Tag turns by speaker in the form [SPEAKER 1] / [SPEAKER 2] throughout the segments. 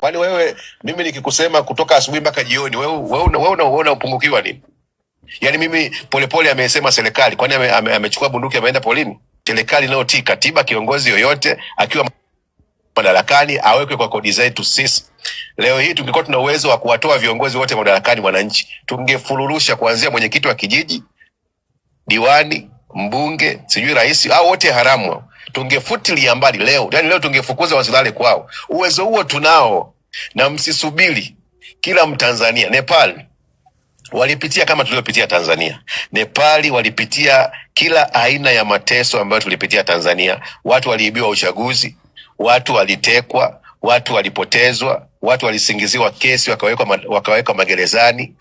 [SPEAKER 1] Kwani wewe mimi nikikusema kutoka asubuhi mpaka jioni, wewe wewe wewe unaona upungukiwa nini? Yaani mimi polepole amesema serikali, kwani amechukua ame, ame bunduki ameenda polini? Serikali inayotii katiba, kiongozi yoyote akiwa madarakani awekwe kwa kodi zetu sisi. Leo hii tungekuwa tuna uwezo wa kuwatoa viongozi wote madarakani wananchi, tungefurulusha kuanzia mwenyekiti wa kijiji, diwani, mbunge, sijui rais, au wote haramu, tungefutilia mbali leo. Yani leo tungefukuza wasilale kwao. Uwezo huo tunao na msisubiri kila Mtanzania. Nepal walipitia kama tulivyopitia Tanzania. nepal walipitia kila aina ya mateso ambayo tulipitia Tanzania. Watu waliibiwa uchaguzi, watu walitekwa, watu walipotezwa, watu walisingiziwa kesi wakawekwa, wakawekwa magerezani,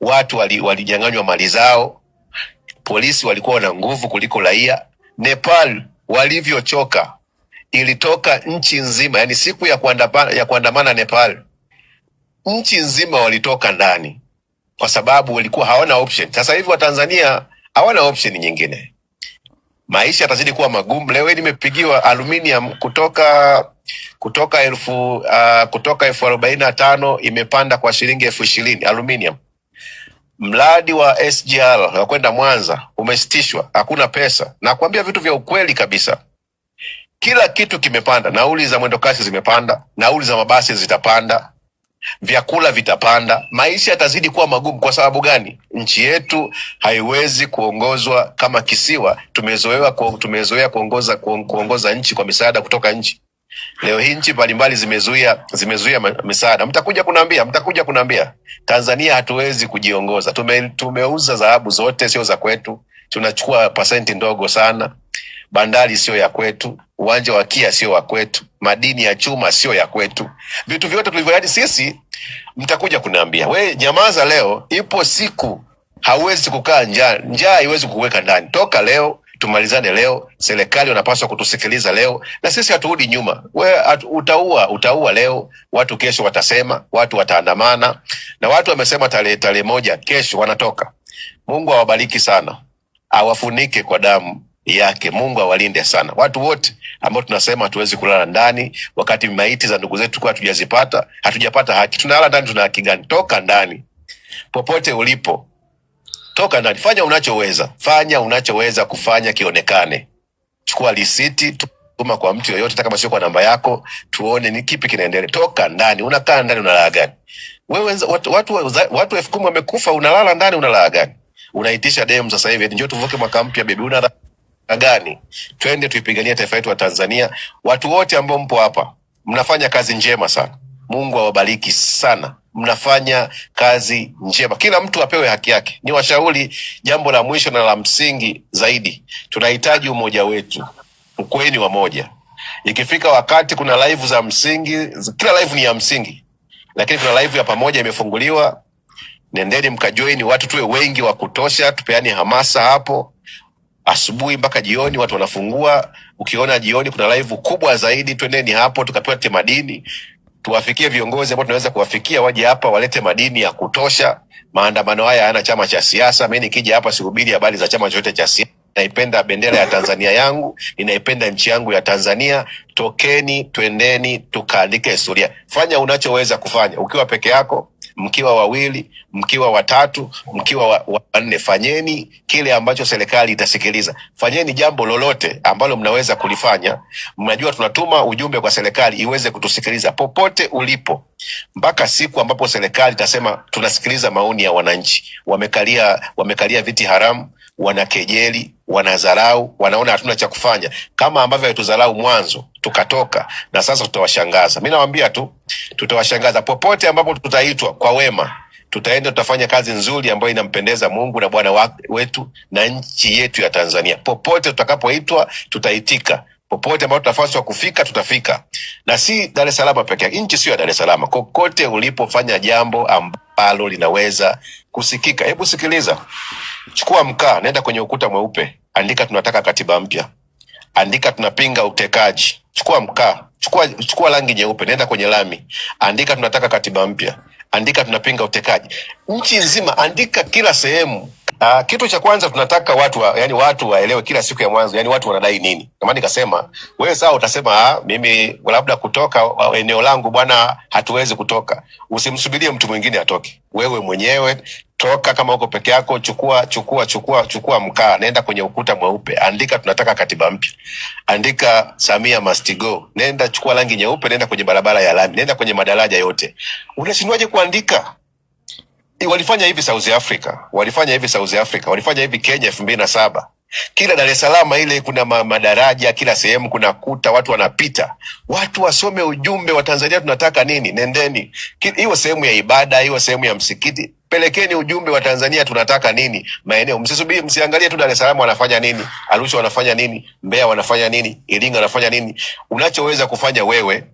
[SPEAKER 1] watu walinyang'anywa mali zao, polisi walikuwa na nguvu kuliko raia. Nepal walivyochoka ilitoka nchi nzima, yani siku ya kuandamana, ya kuandamana Nepal, nchi nzima walitoka ndani, kwa sababu walikuwa hawana option. Sasa hivi Watanzania hawana option nyingine, maisha yatazidi kuwa magumu. Leo nimepigiwa aluminium kutoka kutoka elfu uh, kutoka elfu arobaini na tano imepanda kwa shilingi elfu ishirini aluminium. Mradi wa SGR wa kwenda Mwanza umesitishwa, hakuna pesa. Nakwambia vitu vya ukweli kabisa. Kila kitu kimepanda, nauli za mwendokasi zimepanda, nauli za mabasi zitapanda, vyakula vitapanda, maisha yatazidi kuwa magumu. Kwa sababu gani? Nchi yetu haiwezi kuongozwa kama kisiwa. Tumezoea tumezoea kuongoza kuongoza nchi kwa misaada kutoka nchi. Leo hii nchi mbalimbali zimezuia zimezuia misaada. Mtakuja kunaambia mtakuja kunaambia Tanzania hatuwezi kujiongoza. Tume, tumeuza dhahabu zote, sio za kwetu, tunachukua pasenti ndogo sana bandari siyo ya kwetu, uwanja wa KIA sio wa kwetu, madini ya chuma siyo ya kwetu, vitu vyote tulivyoyadi sisi. Mtakuja kuniambia we, nyamaza leo. Ipo siku hauwezi kukaa njaa, njaa haiwezi kuweka ndani. Toka leo, tumalizane leo. Serikali wanapaswa kutusikiliza leo, na sisi haturudi nyuma. We utaua utaua leo, watu kesho watasema, watu wataandamana, na watu wamesema tarehe tarehe moja kesho wanatoka. Mungu awabariki sana, awafunike kwa damu yake. Mungu awalinde sana watu wote ambao tunasema hatuwezi kulala ndani wakati maiti za ndugu zetu kwa hatujazipata, hatujapata haki. Tunalala ndani, tuna haki gani? Toka ndani, popote ulipo, toka ndani, fanya unachoweza, fanya unachoweza kufanya kionekane. Chukua risiti, tuma kwa mtu yoyote, hata kama sio kwa namba yako, tuone ni kipi kinaendelea. Toka ndani, unakaa ndani, unalala gani? Wewe watu, watu, watu elfu kumi wamekufa, unalala ndani, unalala gani? Unaitisha demu sasa hivi, njoo tuvuke mwaka mpya, bebi, una gani, twende tuipigania taifa letu la Tanzania. Watu wote ambao mpo hapa mnafanya kazi njema sana, Mungu awabariki sana, mnafanya kazi njema, kila mtu apewe haki yake. Ni washauri, jambo la mwisho na la msingi zaidi, tunahitaji umoja wetu, ukweni wa moja. Ikifika wakati kuna live za msingi, kila live ni ya msingi, lakini kuna live ya pamoja imefunguliwa, nendeni mkajoini, watu tuwe wengi wa kutosha, tupeane hamasa hapo asubuhi mpaka jioni, watu wanafungua. Ukiona jioni kuna live kubwa zaidi, twendeni hapo tukapate madini, tuwafikie viongozi ambao tunaweza kuwafikia, waje hapa walete madini ya kutosha. Maandamano haya hayana chama cha siasa. Mimi nikija hapa sihubiri habari za chama chochote cha siasa. Naipenda bendera ya Tanzania yangu, ninaipenda nchi yangu ya Tanzania. Tokeni, twendeni tukaandike historia. Fanya unachoweza kufanya ukiwa peke yako mkiwa wawili, mkiwa watatu, mkiwa wanne, fanyeni kile ambacho serikali itasikiliza. Fanyeni jambo lolote ambalo mnaweza kulifanya. Mnajua tunatuma ujumbe kwa serikali iweze kutusikiliza popote ulipo, mpaka siku ambapo serikali itasema tunasikiliza maoni ya wananchi. Wamekalia, wamekalia viti haramu wanakejeli, wanadharau, wanaona hatuna cha kufanya, kama ambavyo alitudharau mwanzo tukatoka, na sasa tutawashangaza. Mi nawambia tu, tutawashangaza popote ambapo tutaitwa kwa wema tutaenda tutafanya kazi nzuri ambayo inampendeza Mungu na Bwana wetu na nchi yetu ya Tanzania. Popote tutakapoitwa tutaitika, popote ambapo tutafaswa kufika tutafika, na si Dar es Salaam peke yake, nchi sio ya Dar es Salaam, kokote ulipofanya jambo ambalo linaweza kusikika. Hebu sikiliza, chukua mkaa, nenda kwenye ukuta mweupe, andika tunataka katiba mpya, andika tunapinga utekaji. Chukua mkaa, chukua chukua rangi nyeupe, nenda kwenye lami, andika tunataka katiba mpya, andika tunapinga utekaji. Nchi nzima, andika kila sehemu. Uh, kitu cha kwanza tunataka watu wa, yani watu waelewe kila siku ya mwanzo, yani watu wanadai nini. Kama nikasema wewe sawa, utasema ah, mimi labda kutoka eneo langu bwana, hatuwezi kutoka. Usimsubirie mtu mwingine atoke, wewe mwenyewe toka. Kama uko peke yako, chukua chukua chukua chukua mkaa, nenda kwenye ukuta mweupe, andika tunataka katiba mpya, andika Samia must go, nenda chukua rangi nyeupe, nenda kwenye barabara ya lami, nenda kwenye madaraja yote. Unashindwaje kuandika? E, walifanya hivi South Africa, walifanya hivi South Africa, walifanya hivi Kenya elfu mbili na saba. Kila Dar es Salaam ile kuna madaraja, kila sehemu kuna kuta, watu wanapita. Watu wasome ujumbe wa Tanzania tunataka nini? Nendeni hiyo sehemu ya ibada, hiyo sehemu ya msikiti, pelekeni ujumbe wa Tanzania tunataka nini maeneo. Msisubiri, msiangalie tu Dar es Salaam wanafanya nini, Arusha wanafanya nini, Mbeya wanafanya nini, Iringa wanafanya nini. Unachoweza kufanya wewe,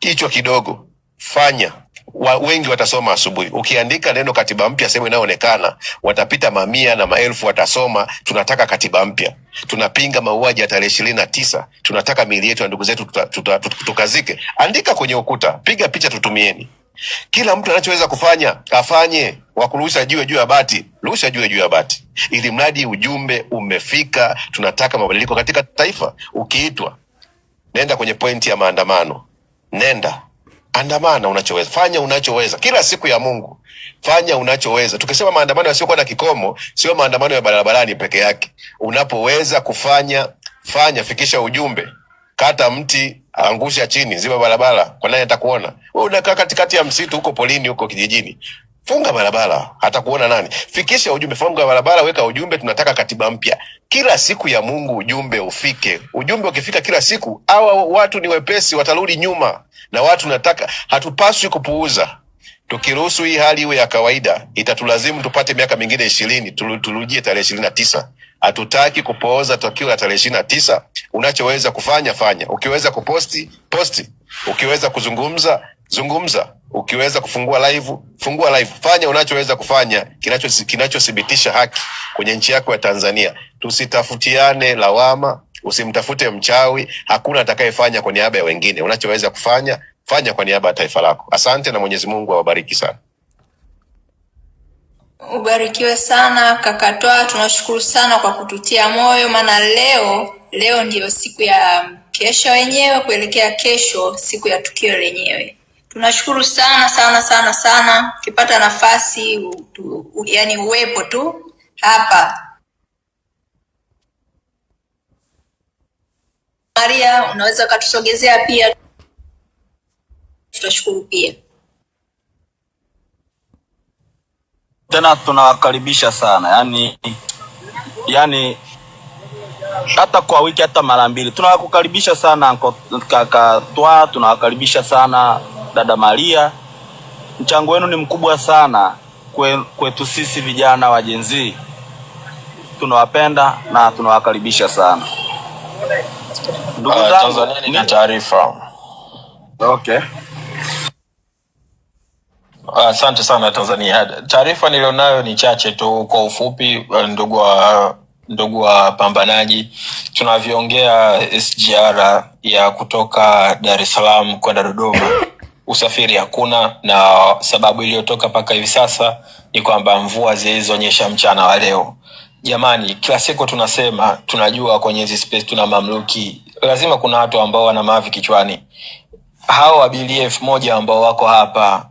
[SPEAKER 1] kichwa kidogo, fanya wa, wengi watasoma asubuhi. Ukiandika neno katiba mpya sehemu inayoonekana, watapita mamia na maelfu, watasoma tunataka katiba mpya, tunapinga mauaji ya tarehe ishirini na tisa, tunataka miili yetu ya ndugu zetu tukazike. Andika kwenye ukuta, piga picha, tutumieni. Kila mtu anachoweza kufanya afanye. Wakurusha jiwe juu ya bati, rusha jiwe juu ya bati, ili mradi ujumbe umefika. Tunataka mabadiliko katika taifa. Ukiitwa nenda kwenye pointi ya maandamano, nenda Andamana unachoweza, fanya unachoweza kila siku ya Mungu, fanya unachoweza. Tukisema maandamano yasiokuwa na kikomo, sio maandamano ya barabarani peke yake. Unapoweza kufanya fanya, fikisha ujumbe, kata mti, angusha chini, ziba barabara, kwa nani atakuona wewe? Unakaa katikati ya msitu huko polini, huko kijijini, funga barabara, kuona nani? Fikisha ujumbe, funga barabara, weka ujumbe, tunataka katiba mpya. Kila siku ya Mungu ujumbe ufike. Ujumbe ukifika kila siku, hawa watu ni wepesi, watarudi nyuma. Na watu nataka, hatupaswi kupuuza. Tukiruhusu hii hali iwe ya kawaida, itatulazimu tupate miaka mingine ishirini, turudie tarehe ishirini na tisa. Hatutaki kupooza tokio la tarehe ishirini na tisa. Unachoweza kufanya fanya, ukiweza kuposti posti, ukiweza kuzungumza zungumza. Ukiweza kufungua live, fungua live, fanya unachoweza kufanya kinachothibitisha haki kwenye nchi yako ya Tanzania. Tusitafutiane lawama, usimtafute mchawi. Hakuna atakayefanya kwa niaba ya wengine. Unachoweza kufanya fanya kwa niaba ya taifa lako. Asante na Mwenyezi Mungu awabariki sana.
[SPEAKER 2] Ubarikiwe sana kakatoa tunashukuru sana kwa kututia moyo, maana leo leo ndiyo siku ya kesho wenyewe, kuelekea kesho siku ya tukio lenyewe. Tunashukuru sana sana sana sana, ukipata nafasi utu, u, yani uwepo tu hapa Maria, unaweza ukatusogezea pia, tutashukuru pia
[SPEAKER 3] tena. Tunawakaribisha sana yani, yani hata kwa wiki hata mara mbili tunawakukaribisha sana kaka Twa, tunawakaribisha sana dada Maria, mchango wenu ni mkubwa sana kwetu sisi vijana wa Gen Z. Tunawapenda na tunawakaribisha sana
[SPEAKER 4] ndugu ah, zangu. Tanzania taarifa. Okay. Ah, asante uh, sana Tanzania. Taarifa nilionayo ni chache tu, kwa ufupi. Eh, ndugu wa ndugu pambanaji, tunavyoongea SGR ya kutoka Dar es Salaam kwenda Dodoma usafiri hakuna, na sababu iliyotoka mpaka hivi sasa ni kwamba mvua zilizonyesha mchana wa leo. Jamani, kila siku tunasema tunajua kwenye hizi space tuna mamluki, lazima kuna watu ambao wana mavi kichwani. Hao abiria elfu moja ambao wako hapa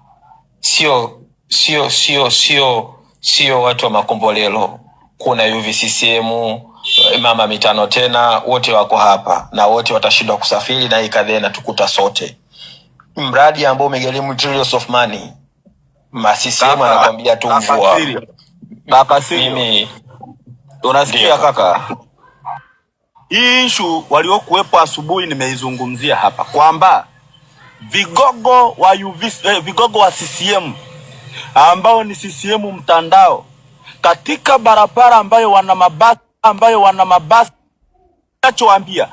[SPEAKER 4] sio sio sio sio sio watu wa makombolelo. Kuna UVCCM eh, mama mitano tena, wote wako hapa na wote watashindwa kusafiri na hii kadhia inatukuta sote. Mm. mradi ambao umegharimu trillions of money, masisiemu anakwambia tu mvua. Kaka Simi, unasikia kaka?
[SPEAKER 5] Hii ishu waliokuwepo asubuhi nimeizungumzia hapa kwamba vigogo wa UVC, eh, vigogo wa CCM ambao ni CCM mtandao katika barabara ambayo wana mabasi ambayo wana mabasi, nachoambia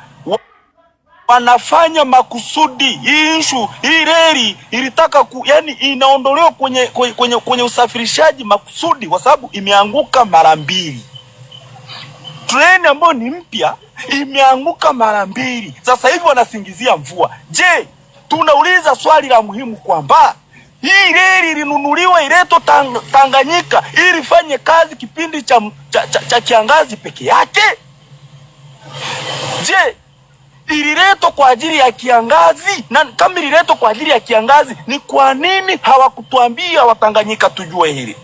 [SPEAKER 5] wanafanya makusudi. Hii ishu hii reli ilitaka ku, yani inaondolewa kwenye, kwenye, kwenye, kwenye usafirishaji makusudi, kwa sababu imeanguka mara mbili. Treni ambayo ni mpya imeanguka mara mbili, sasa hivi wanasingizia mvua. Je, tunauliza swali la muhimu kwamba hii reli ilinunuliwa ileto tang, Tanganyika ili fanye kazi kipindi cha, cha, cha, cha kiangazi peke yake? Je, ililetwa kwa ajili ya kiangazi, na kama ililetwa kwa ajili ya kiangazi, ni kwa nini hawakutuambia Watanganyika tujue hili?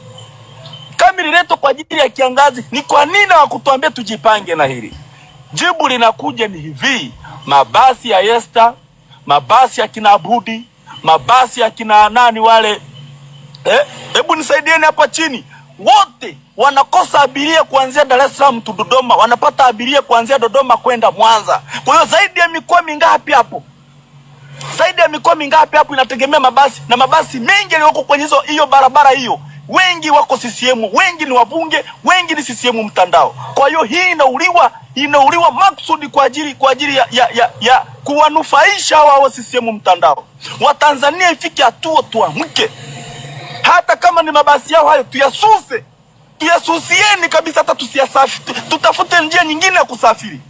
[SPEAKER 5] Kama ililetwa kwa ajili ya kiangazi, ni kwa nini hawakutuambia tujipange na hili? Jibu linakuja ni hivi: mabasi ya Yesta, mabasi ya kina Abudi, mabasi ya kina nani wale, eh, hebu eh, nisaidieni hapa chini wote wanakosa abiria kuanzia Dar es Salaam tu Dodoma, wanapata abiria kuanzia Dodoma kwenda Mwanza. Kwa hiyo zaidi ya mikoa mingapi hapo? Zaidi ya mikoa mingapi hapo? Inategemea mabasi na mabasi mengi yaliyoko kwenye hizo hiyo barabara hiyo, wengi wako CCM, wengi ni wabunge, wengi ni CCM mtandao. Kwa hiyo hii inauliwa inauliwa maksudi kwa ajili kwa ajili ya, ya, ya, ya kuwanufaisha wao CCM mtandao. Watanzania ifike hatua tuamke hata kama ni mabasi yao hayo tuyasuse, tuyasusieni kabisa, hata tusiyasafiri, tutafute njia nyingine ya kusafiri,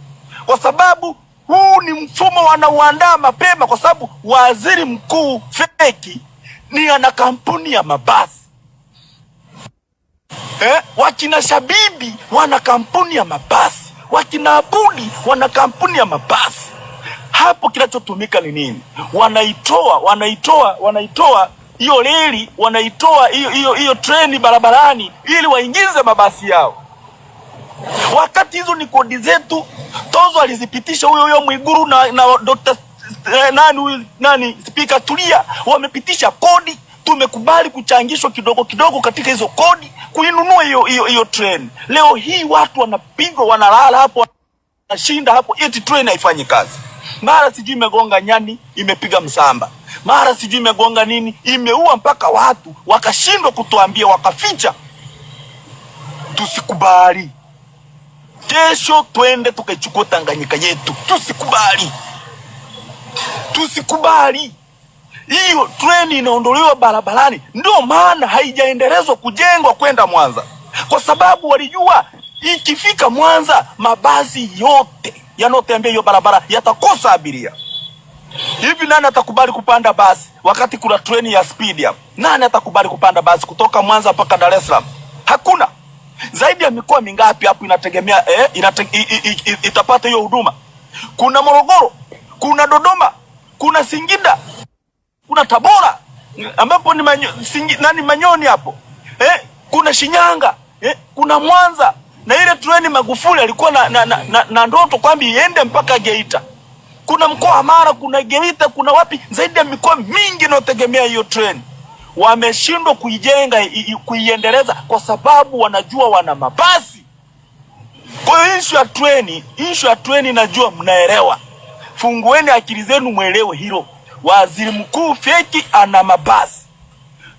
[SPEAKER 5] kwa sababu huu ni mfumo wanauandaa mapema, kwa sababu waziri mkuu feki ni ana kampuni ya mabasi eh? Wakina Shabibi wana kampuni ya mabasi, wakina Abudi wana kampuni ya mabasi. Hapo kinachotumika ni nini? Wanaitoa, wanaitoa, wanaitoa hiyo reli wanaitoa hiyo hiyo hiyo treni barabarani ili waingize mabasi yao, wakati hizo ni kodi zetu. Tozo alizipitisha huyo huyo Mwiguru na, na Dr. Eh, nani nani Spika Tulia wamepitisha kodi, tumekubali kuchangishwa kidogo kidogo katika hizo kodi kuinunua hiyo hiyo hiyo treni. Leo hii watu wanapigwa, wanalala hapo, wanashinda hapo, eti treni haifanyi kazi, mara sijui imegonga nyani, imepiga msamba mara sijui imegonga nini, imeua mpaka watu wakashindwa kutuambia, wakaficha. Tusikubali. Kesho twende tukaichukua Tanganyika yetu. Tusikubali, tusikubali. Hiyo treni inaondolewa barabarani, ndio maana haijaendelezwa kujengwa kwenda Mwanza, kwa sababu walijua ikifika Mwanza mabasi yote yanayotembea hiyo barabara yatakosa abiria. Hivi nani atakubali kupanda basi wakati kuna treni ya spidi hapa? Nani atakubali kupanda basi kutoka Mwanza mpaka Dar es Salaam? Hakuna. Zaidi ya mikoa mingapi hapo inategemea eh, inate, i, i, i, itapata hiyo huduma? Kuna Morogoro, kuna Dodoma, kuna Singida, kuna Tabora ambapo ni manyo, singi, nani Manyoni hapo eh, kuna Shinyanga eh, kuna Mwanza na ile treni Magufuli alikuwa na, na, na, na, na ndoto kwamba iende mpaka Geita kuna mkoa Mara, kuna Geita, kuna wapi, zaidi ya mikoa mingi inayotegemea hiyo treni wameshindwa kuijenga kuiendeleza, kwa sababu wanajua wana mabasi. Kwa hiyo issue ya treni, ishu ya treni, najua mnaelewa, fungueni akili zenu mwelewe hilo. Waziri mkuu feki ana mabasi,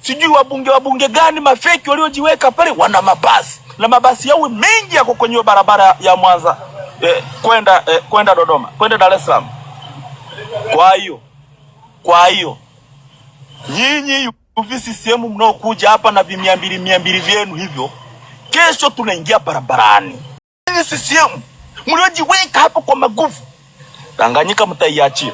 [SPEAKER 5] sijui wabunge wabunge gani mafeki waliojiweka pale wana mabasi, na mabasi yao mengi yako kwenye barabara ya Mwanza eh, kwenda eh, kwenda Dodoma, kwenda Dar es Salaam. Kwa hiyo kwa hiyo nyinyi UVCCM mnaokuja hapa na vimia mbili mia mbili vyenu hivyo, kesho tunaingia barabarani. Nyinyi CCM mliojiweka hapo kwa maguvu, Tanganyika mtaiachia,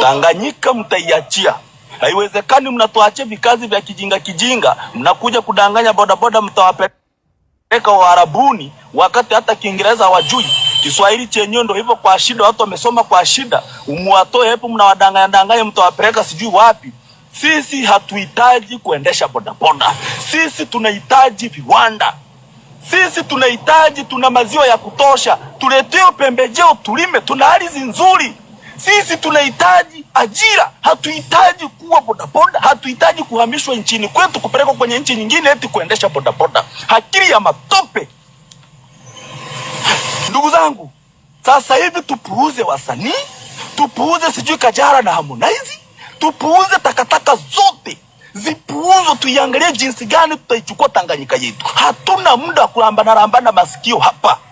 [SPEAKER 5] Tanganyika mtaiachia. Haiwezekani mnatuachia vikazi vya kijinga kijinga, mnakuja kudanganya bodaboda, mtawapeleka kupeleka Waarabuni wakati hata Kiingereza wajui Kiswahili chenyewe ndio hivyo kwa shida, watu wamesoma kwa shida, umuwatoe hapo, mnawadanganya danganya, mtawapeleka sijui wapi. Sisi hatuhitaji kuendesha bodaboda, sisi tunahitaji viwanda, sisi tunahitaji, tuna maziwa ya kutosha, tuletee pembejeo tulime, tuna ardhi nzuri. Sisi tunahitaji ajira, hatuhitaji kuwa bodaboda, hatuhitaji kuhamishwa nchini kwetu kupelekwa kwenye nchi nyingine eti kuendesha bodaboda. Akili ya matope, ndugu zangu. Sasa hivi tupuuze wasanii, tupuuze sijui Kajara na Harmonize, tupuuze takataka zote zipuuzwe, tuiangalie jinsi gani tutaichukua Tanganyika yetu. Hatuna muda wa kulambanarambana masikio hapa.